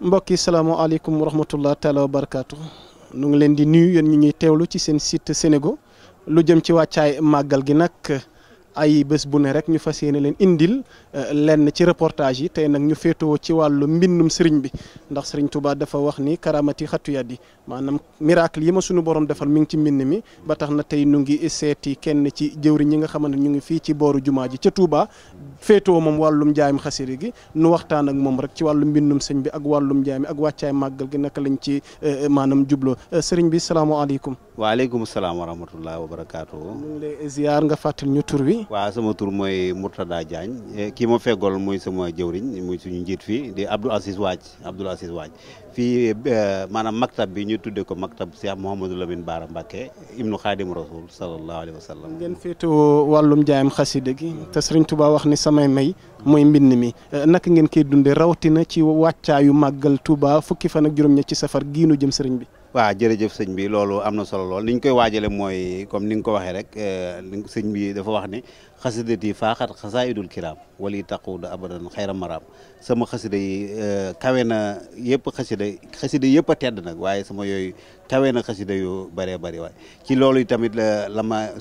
mbokk yi salaamaaleykum wa rahmatullah taala wa barakaatu nu ngi leen di nuyu yéen ñi ñuy teewlu ci seen site Senego lu jëm ci wàccaay màggal gi nag. ay bés bu ne rek ñu fas yéene leen indil euh, lenn ci reportage yi tey nag ñu féetoo ci wàllu mbindum sëriñ bi ndax sëriñ Touba dafa wax ni karamati xattu yat yi maanaam miracle yi ma sunu borom defal mi ngi ci mbind mi ba tax na tey nu ngi seeti kenn ci jëwriñ ñi nga xamante ñu ngi fii ci booru jumaa ji ca Touba féetoo moom wàllum njaayam xasiri gi nu waxtaan ak moom rek ci wàllu mbindum sëñ bi ak wàllum njaay mi ak wàccaay màggal gi naka lañ ci euh, euh, maanaam jublo sëriñ bi salaamaaleykum waaleykum salaam wa rahmatullahi wa barakaatu ñu ngi lay ziar nga fàttal ñu tur wi waaw sama tur mooy Mourtada Diagne kii ma feggool mooy sama jëwriñ muy suñu njiit fii di Abdou Aziz Waaj Abdou Aziz Waaj fii eh, maanaam maktab bi ñu tuddee ko maktab Cheikh Mouhamadou Lamine Bara Mbacké ibnu Xaadim Rasul sallallahu alayhi wa sallam ngeen féetu wàllum jaayam xasida gi te Sëriñ Tuubaa wax ni samay may mooy mbind mi eh, naka ngeen koy dundee rawatina ci wàccaayu màggal Tuubaa fukki fan ak juróom-ñett ci safar giinu jëm sëriñ bi waaw jërëjëf sëñ bi loolu am na solo lool ni ñu koy waajale mooy comme ni nga ko waxee rek eh, sëñ bi dafa wax ni xasidat yi faaxat xasaayidul kiraam wali taquuda abadan xayra maraam sama xasida yi eh, kawe na yëpp xasida xasida yëpp a tedd nag waaye sama yooyu kawe na xasida yu bëree bëri waaye ci loolu yi tamit la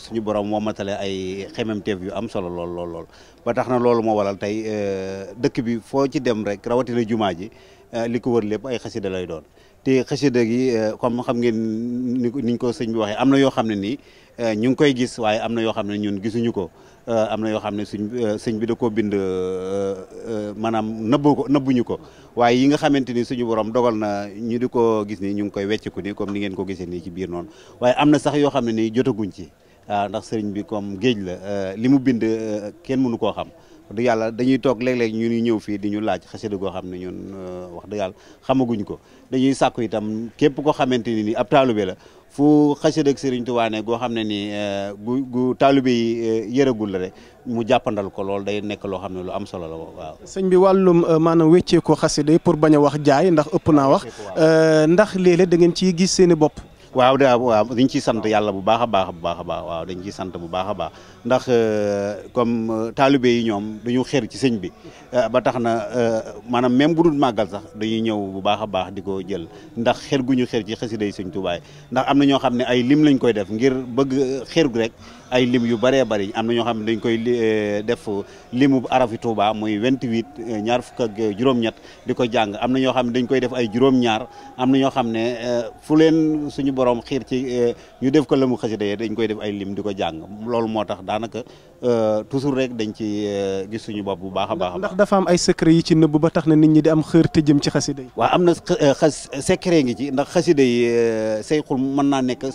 suñu borom moo matale ay xememteef yu am solo lool lool lool ba tax na loolu moo waral tey eh, dëkk bi foo ci dem rek rawatina jumaa ji Euh, li ko wër lépp ay xasida lay doon te xasida gi euh, comme xam ngeen ni niñ ko sëñ bi waxee am na yoo xam ne nii euh, ñu ngi koy gis waaye am na yoo xam ne ñun gisuñu ko am na yoo xam ne suñ sëñ bi da koo bind maanaam nëbbu ko nëbbuñu ko waaye yi nga xamante ni suñu borom dogal na ñu di ko gis ni ñu ngi koy wecceku ni comme ni ngeen ko gisee nii ci biir noon waaye am na sax yoo xam ne nii jotaguñ ci ndax sëriñ bi comme géej la li mu bind kenn mënu koo xam du yàlla dañuy toog léeg-léeg ñu ñuy ñëw fii di ñu laaj xasida goo xam ne ñun euh, wax dëgg yàlla xamaguñ ko dañuy sàkku itam képp ko xamante ni ni ab taalibe la fu xasida ak Sëriñ Tuubaa ne goo xam ne nii euh, gu gu taalibe yi euh, yëragul la rek mu jàppandal ko lool day nekk loo xam ne lu am solo la waaw. sëñ bi wàllum maanaam wéccee ko xasida pour bañ a wax jaay ndax ëpp naa wax ndax léeg-léeg da ngeen ciy gis seen i bopp. waaw da waaw dañ ciy sant yàlla bu baax a baax bu baax a baax waaw dañ ciy sant bu baax a baax ndax euh, comme euh, taalibe yi ñoom dañu xër ci sëñ bi euh, ba tax na maanaam même bu dul sax dañuy ñëw bu baax a baax di ko jël ndax xër gu ñu xër ci xasida yi sëñ Tuubaa ndax am na ñoo xam ne ay lim lañ koy def ngir bëgg xër rek ay lim yu bëree bëri am na ñoo xam ne dañ koy eh, def limu arafi mooy muy 28 eh, ñaar fukk ak eh, juróom-ñett di ko jàng am na ñoo xam ne dañ koy def ay juróom am na ñoo xam ne fu leen suñu borom xiir ci ñu def ko lëmu xasida yi dañ koy def ay lim di ko jàng loolu moo tax daanaka toujours rek dañ ci gis suñu bopp bu baax a baax. ndax dafa am ay secret yi ci nëbb ba tax na nit ñi di am xër jëm ci xasida yi. waa am na xas secret ngi ci ndax xasida yi sayxul mën naa nekk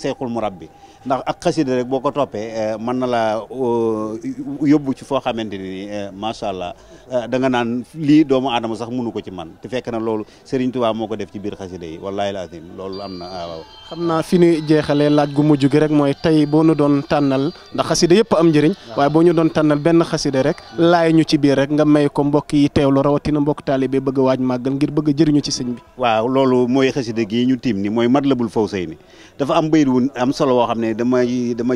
rab bi ndax ak xasida rek boo ko toppee. mën na laa uh, yóbbu ci foo xamante ni uh, macha allah uh, danga naan lii doomu adama sax munu ko ci man te fekk na loolu Serigne waa moo ko def ci biir xasida yi wallaahi laasim loolu am ah, naa fi ñuy jeexalee laaj gu mujj gi rek mooy tey boo nu doon tànnal ndax xasida yëpp am njëriñ. waaye boo ñu doon tànnal benn xasida rek mm. laay ñu ci biir rek nga may ko mbokk yi teewlu rawatina mbokk taalibe bëgg a waaj màggal ngir bëgg a jëriñu ci sëñ bi. waaw loolu mooy xasida gii ñu tiim ni mooy Matlabul Fawzayni dafa am bayit wu am solo woo xam ne dama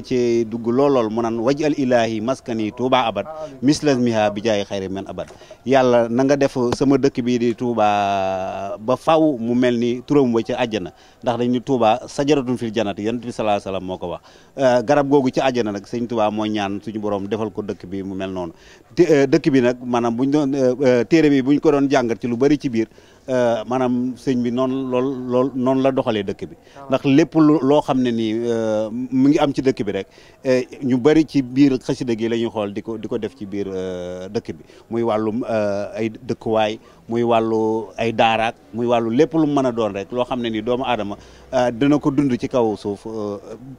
cee dugg lool loolool mu naan waj al ilaahi maskani Touba abad mislas miha bi jaay xayri men abad yàlla nanga def sama dëkk bii di Touba ba faw mu mel ni turam wa ci àjjana ndax dañ ñu Touba sajaratun fil janat yonent bi sallallahu alayhi moo ko wax euh, garab googu ci àjjana nag sëñ Touba moo ñaan suñu borom defal ko dëkk bi mu mel noonu euh, dëkk bi nag maanaam buñ doon euh, téere bi buñ ko doon jàngat ci lu bari ci biir Euh, maanaam sëñ bi noonu lool lool noonu la doxalee dëkk bi ndax lépp loo xam ne nii euh, mu ngi am ci dëkk bi rek euh, ñu bari ci biir xasida gi la ñuy xool di ko di ko def ci biir dëkk bi muy wàllum ay dëkkuwaay muy wàllu ay daaraak muy wàllu lépp lu mën a doon rek loo xam ne nii doomu aadama dina ko dund ci kaw suuf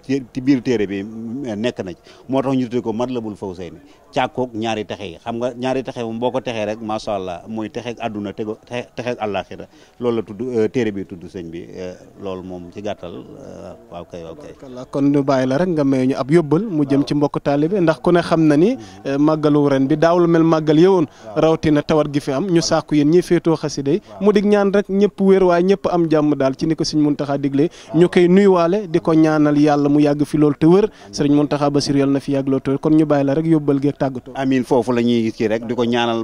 ci biir téere bi nekk na ci moo tax ñu tuddee ko Matlabul Fawzayni càkkoog ñaari texe yi xam nga ñaari texe moom boo ko texee rek macha allah muy texe àdduna tego texeeg àll àllaaxira loolu la tudd euh, téere bi tudd sëñ bi euh, loolu moom ci gàttal euh, waaw kay waaw kay kon ñu bàyyi la rek nga may ñu ab yóbbal mu jëm ci mbokk taalibe ndax ku xam na ni mm-hmm. màggalu ren bi daawul mel màggal yowoon rawatina tawat gi fi am ñu sàkku yéen ñi féetoo xasida mu dig ñaan rek ñëpp wér waaye ñëpp am jàmm daal ci ni ko sëñ Muntaxa diglee ñu koy nuyuwaale di ko ñaanal yàlla mu yàgg fi loolu te wër sëriñ Muntaxa Basiir yàlla na fi yàgg loolu te wër kon ñu bàyyi la rek yóbbal geeg tàggatoo amiin foofu la ñuy gis ci rek di ko ñaanal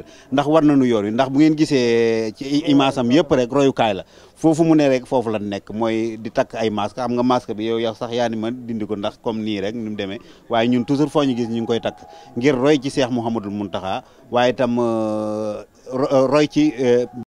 wér ndax war nañu yoon wi ndax bu ngeen gisee ci image am yëpp rek royukaay la foofu mu ne rek foofu la nekk mooy di takk ay masque am nga masque bi yow yow sax yaa ni ma dindi ko ndax comme nii rek ni mu demee waaye ñun toujours foo ñu gis ñu ngi koy takk ngir roy ci Cheikh Mouhamadul Mountakha waaye itam euh, euh, roy ci euh,